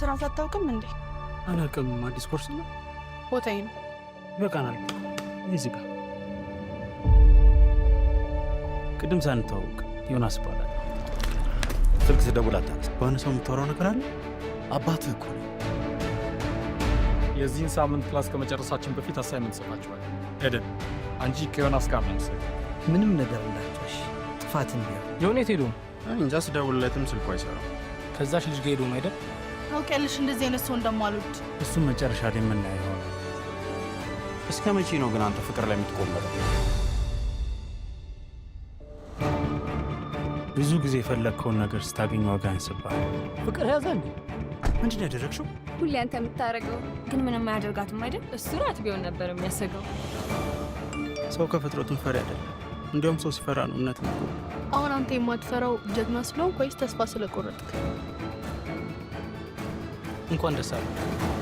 ስራት አታውቅም እንዴ? አላውቅም። አዲስ ኮርስ ነው። ቦታዬ ነው። ይበቃናል። እዚህ ጋር ቅድም ሳንተዋወቅ ዮናስ ይባላል። ስልክ ስደውል አታነሳ። በሆነ ሰው የምታወራው ነገር አለ። አባትህ እኮ ነው። የዚህን ሳምንት ክላስ ከመጨረሳችን በፊት አሳይመንት ጽፋችኋል። ኤደን፣ አንቺ ከዮናስ ጋር ነው። ምንም ነገር እንዳትሽ ጥፋት እንዲያ የሆነ የት ሄዶ እንጃ። ስደውልለትም ስልኩ አይሰራም። ከዛች ልጅ ጋር ነው አይደል ታውቂያለሽ እንደዚህ አይነት ሰው እንደማልወድ። እሱም መጨረሻ ላይ የምናየው ይሆናል። እስከ መቼ ነው ግን አንተ ፍቅር ላይ የምትቆመረው? ብዙ ጊዜ የፈለግከውን ነገር ስታገኝ ዋጋ ያንስባል። ፍቅር ያዘን። ምንድን ያደረግሽው? ሁሌ አንተ የምታደርገው ግን ምንም አያደርጋትም አይደል? እሱ ራት ቢሆን ነበር የሚያሰገው። ሰው ከፍጥረቱን ፈሪ አይደለም። እንዲያውም ሰው ሲፈራ ነው እምነት ነው። አሁን አንተ የማትፈራው ጀግና ስለሆንክ ወይስ ተስፋ ስለቆረጥክ? ఇంకొంత సార్